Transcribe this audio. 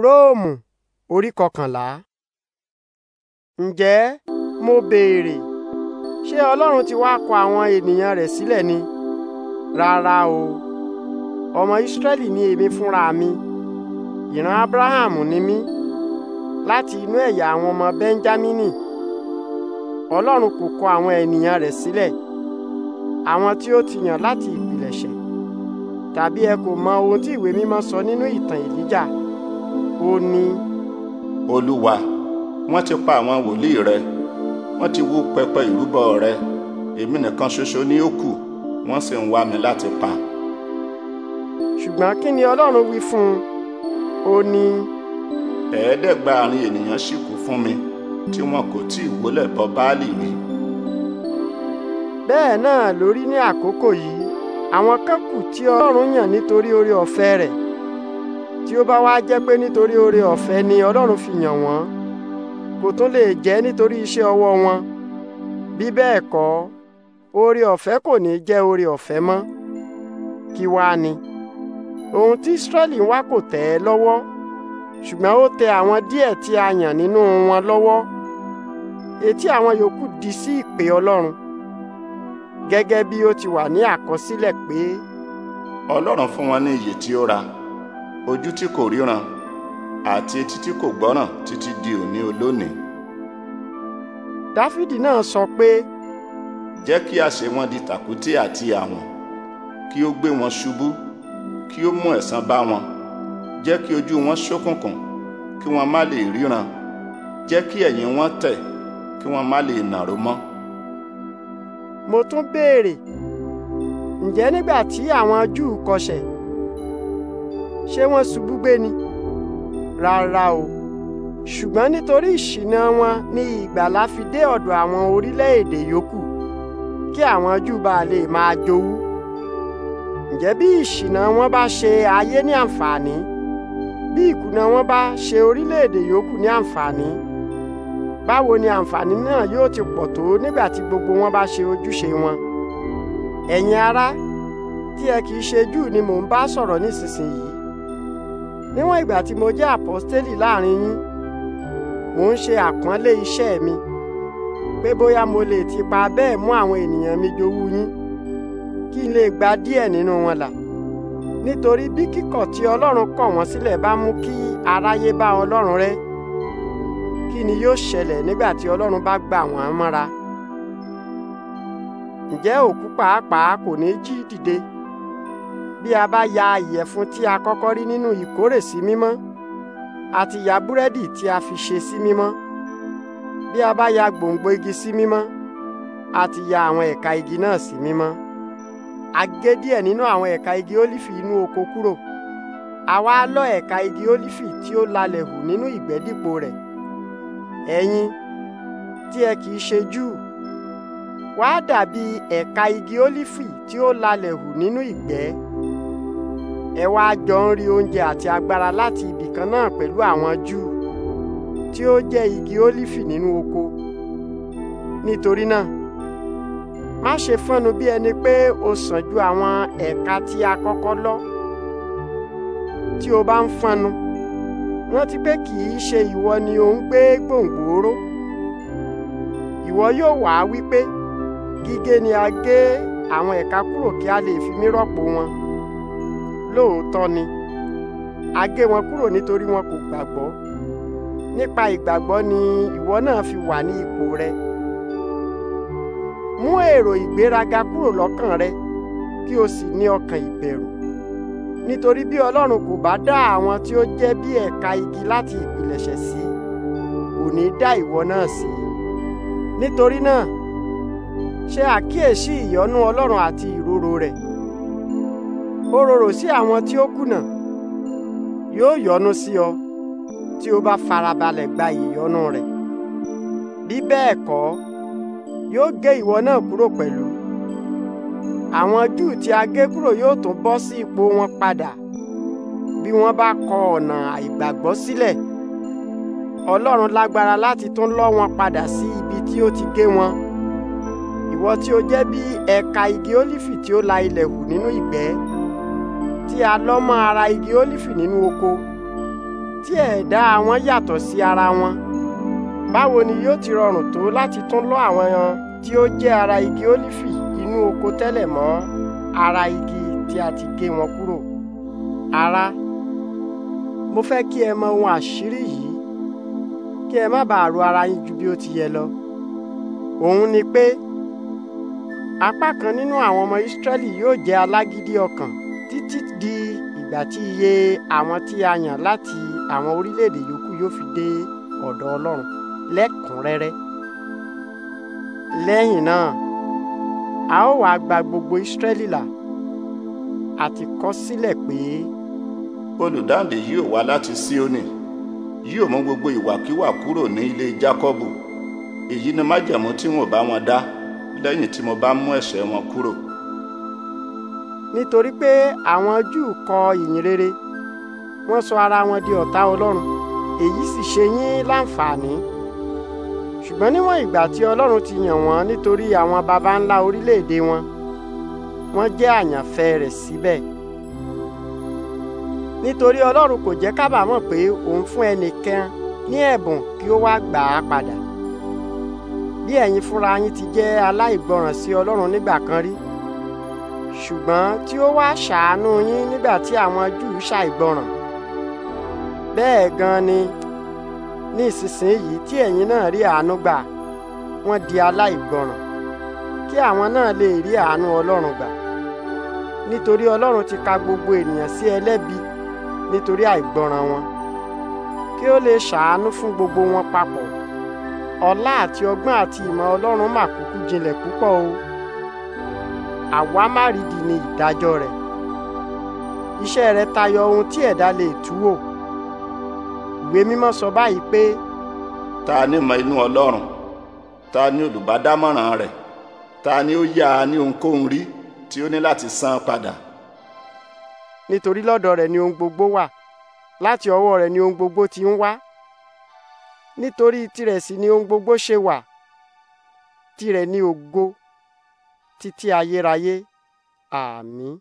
róòmù orí kọkànlá. ǹjẹ́ mo béèrè ṣé ọlọ́run ti wá kọ àwọn ènìyàn rẹ̀ sílẹ̀ ni rárá o ọmọ ìsírẹ́lì ni èmi fúnra mi ìran abrahamu ni mí láti inú ẹ̀yà àwọn ọmọ bẹ́ńjámínì ọlọ́run kò kọ àwọn ènìyàn rẹ̀ sílẹ̀ àwọn tí ó ti yàn láti ìpilẹ̀ṣẹ̀ tàbí ẹ kò mọ ohun tí ìwé mímọ́ sọ nínú ìtàn èlíjà ó ní olúwa wọ́n ti pa àwọn wòlíì rẹ wọ́n ti wó pẹpẹ ìrúbọ rẹ èmi nìkan ṣoṣo ni ó kù wọ́n sì ń wá mi láti pa. ṣùgbọ́n kí ni ọlọ́run wí fún un ó ní. ẹ̀ẹ́dẹ́gbàárin ènìyàn sì kú fún mi tí wọn kò tí ì wólẹ̀ bọ Báálì rí. bẹ́ẹ̀ náà ló rí ní àkókò yìí àwọn kan kù tí ọlọ́run yàn nítorí oore ọ̀fẹ́ rẹ̀ tí ó bá wá jẹ́ pé nítorí oore ọ̀fẹ́ ni Ọlọ́run fi yàn wọ́n kò tún lè jẹ́ nítorí iṣẹ́ ọwọ́ wọn bí bẹ́ẹ̀ kọ́ oore ọ̀fẹ́ kò ní jẹ́ oore ọ̀fẹ́ mọ́ kí wá ni ohun tí Israẹli ń wá kò tẹ́ ẹ lọ́wọ́ ṣùgbọ́n ó tẹ àwọn díẹ̀ tí a yàn nínú wọn lọ́wọ́ etí àwọn yòókù di sí ìpè Ọlọ́run gẹ́gẹ́ bí ó ti wà ní àkọsílẹ̀ pé Ọlọ́run fún wọn ní ìyè tí ó ra. ojú tí kò ríran àti etí tí kò gbọ́ràn títí di òní olónìí. dáfídì náà sọ pé. jẹ́ kí a ṣe wọ́n di tàkúté àti àwọ̀n kí ó gbé wọn ṣubú kí ó mú ẹ̀sán bá wọn jẹ́ kí ojú wọn ṣókùnkùn kí wọ́n má lè ríran jẹ́ kí ẹ̀yìn wọn tẹ̀ kí wọ́n má lè nàró mọ́. mo tún béèrè ǹjẹ́ nígbà tí àwọn Júù kọsẹ̀ ṣé wọ́n ṣubú gbé ni rárá o ṣùgbọ́n nítorí ìṣìnà wọn ni ìgbàlà fi dé ọ̀dọ̀ àwọn orílẹ̀-èdè yòókù kí àwọn Júù bá lè máa jowú ǹjẹ́ bí ìṣìnà wọn bá ṣe ayé ní àǹfààní bí ìkùnà wọn bá ṣe orílẹ̀-èdè yòókù ní àǹfààní báwo ni àǹfààní náà yóò ti pọ̀ tó nígbà tí gbogbo wọn bá ṣe ojúṣe wọn ẹ̀yin ará tí ẹ kì í ṣe Júù ni mò ń bá sọ̀rọ̀ nísinsìnyí níwọ̀n ìgbà tí mo jẹ́ àpọ́stélì láàrin yín mò ń ṣe àpọ́nlé iṣẹ́ mi pé bóyá mo lè tipa bẹ́ẹ̀ mú àwọn ènìyàn mi jowú yín kí n lè gba díẹ̀ nínú wọn là nítorí bí kíkọ̀ tí Ọlọ́run kọ̀ wọ́n sílẹ̀ bá mú kí aráyé bá Ọlọ́run rẹ́ kí ni yóò ṣẹlẹ̀ nígbà tí Ọlọ́run bá gbà wọ́n mọ́ra ǹjẹ́ òkú pàápàá kò ní jí dìde bí a bá ya ìyẹ̀fun tí a kọ́kọ́ rí nínú ìkórè sí mímọ́ àti ya búrẹ́dì tí a fi ṣe sí mímọ́ bí a bá ya gbòǹgbò igi sí mímọ́ àti ya àwọn ẹ̀ka igi náà sí mímọ́ a gé díẹ̀ nínú àwọn ẹ̀ka igi ólífì inú oko kúrò àwa lọ́ ẹ̀ka igi ólífì tí ó lalẹ̀ hù nínú ìgbẹ́ dípò rẹ̀ ẹ̀yin tí ẹ kì í ṣe Júù wá dàbí ẹ̀ka igi ólífì tí ó lalẹ̀ hù nínú ìgbẹ́ ẹ wá jọ ń rí oúnjẹ àti agbára láti ibì kan náà pẹ̀lú àwọn Júù tí ó jẹ́ igi ólífì nínú oko nítorí náà má ṣe fọ́nnu bí ẹni pé o sàn ju àwọn ẹ̀ka tí a kọ́kọ́ lọ tí o bá ń fọ́nnu rántí pé kì í ṣe ìwọ ni ò ń gbé gbòǹgbòrò ìwọ yóò wá wípé gígé ni a gé àwọn ẹ̀ka kúrò kí a lè fi mí rọ́pò wọn lóòótọ́ ni a gé wọn kúrò nítorí wọn kò gbàgbọ́ nípa ìgbàgbọ́ ni ìwọ náà fi wà ní ipò rẹ mú èrò ìgbéraga kúrò lọ́kàn rẹ kí o sì ní ọkàn ìbẹ̀rù nítorí bí Ọlọ́run kò bá dá àwọn tí ó jẹ́ bí ẹ̀ka igi láti ìpilẹ̀ṣẹ̀ sí kò ní dá ìwọ náà sí nítorí náà ṣe àkíyèsí ìyọ́nú Ọlọ́run àti ìrorò rẹ̀ ó rorò sí àwọn tí ó kùnà yóò yọ́nú sí ọ tí o bá farabalẹ̀ gba ìyọ́nú rẹ̀ bí bẹ́ẹ̀ kọ́ yóò gé ìwọ náà kúrò pẹ̀lú àwọn júù tí a gé kúrò yóò tún bọ́ sí ipò wọn padà bí wọ́n bá kọ ọ̀nà àìgbàgbọ́ sílẹ̀ ọlọ́run lágbára láti tún lọ́ wọn padà sí ibi tí ó ti gé wọn ìwọ tí o jẹ́ bí ẹ̀ka igi ólífì tí ó la ilẹ̀ hù nínú ìgbẹ́ tí a lọ́ mọ́ ara igi ólífì nínú oko tí ẹ̀dá wọn yàtọ̀ sí ara wọn báwo ni yóò ti rọrùn tó láti tún lọ́ àwọn ẹran tí ó jẹ́ ara igi ólífì inú oko tẹ́lẹ̀ mọ́ ara igi tí a ti gé wọn kúrò ará mo fẹ́ kí ẹ mọ ohun àṣírí yìí kí ẹ má bàa ro ara yín ju bí ó ti yẹ lọ òun ni pé apá kan nínú àwọn ọmọ Ísírẹ́lì yóò jẹ́ alágídí ọkàn títí di ìgbà tí iye àwọn tí a yàn láti àwọn orílẹ̀-èdè yòókù yóò fi dé ọ̀dọ̀ Ọlọ́run lẹ́kùnrẹ́rẹ́ lẹ́yìn náà a ó wàá gba gbogbo Ísírẹ́lì là àti kọ sílẹ̀ pé. olùdáǹdè yóò wá láti Síónì yóò mú gbogbo ìwàkiwà kúrò ní ilé Jákọ́bù èyí ni májẹ̀mú tí wọn bá wọn dá lẹ́yìn tí mo bá mú ẹ̀ṣẹ̀ wọn kúrò nítorí pé àwọn Júù kọ ìyìn rere wọ́n sọ ara wọn di ọ̀tá Ọlọ́run èyí sì ṣe yín láǹfààní ṣùgbọ́n níwọ̀n ìgbà tí Ọlọ́run ti yàn wọ́n nítorí àwọn baba ńlá orílẹ̀-èdè wọn wọ́n jẹ́ àyànfẹ́ rẹ̀ síbẹ̀ nítorí Ọlọ́run kò jẹ́ kábàámọ̀ pé òun fún ẹnìkan ní ẹ̀bùn kí ó wá gbà á padà bí ẹ̀yin fúnra yín ti jẹ́ aláìgbọràn sí Ọlọ́run nígbà kan rí ṣùgbọ́n tí ó wá ṣàánú yín nígbà tí àwọn Júù ṣàìgbọràn bẹ́ẹ̀ gan ni ní ìsinsìnyí tí ẹ̀yin náà rí àánú gbà wọ́n di aláìgbọràn kí àwọn náà lè rí àánú Ọlọ́run gbà nítorí Ọlọ́run ti ka gbogbo ènìyàn sí ẹlẹ́bi nítorí àìgbọràn wọn kí ó lè ṣàánú fún gbogbo wọn papọ̀ ọlá àti ọgbọ́n àti ìmọ̀ Ọlọ́run mà kúkú jinlẹ̀ púpọ̀ o àwámárìdì ni ìdájọ́ rẹ̀ iṣẹ́ rẹ̀ tayọ ohun tí ẹ̀dá lè tú wò ìwé mímọ́ sọ báyìí pé. ta ni mọ inú ọlọ́run ta ni olùbádámọ̀ràn rẹ̀ ta ni ó yá a ní ohunkóhun rí tí ó ní láti san padà. nítorí lọ́dọ̀ rẹ̀ ni ohun gbogbo wà láti ọwọ́ rẹ̀ ni ohun gbogbo ti ń wá nítorí tirẹ̀ sì ni ohun gbogbo ṣe wà tirẹ̀ ni ògo títí ayérayé àmín.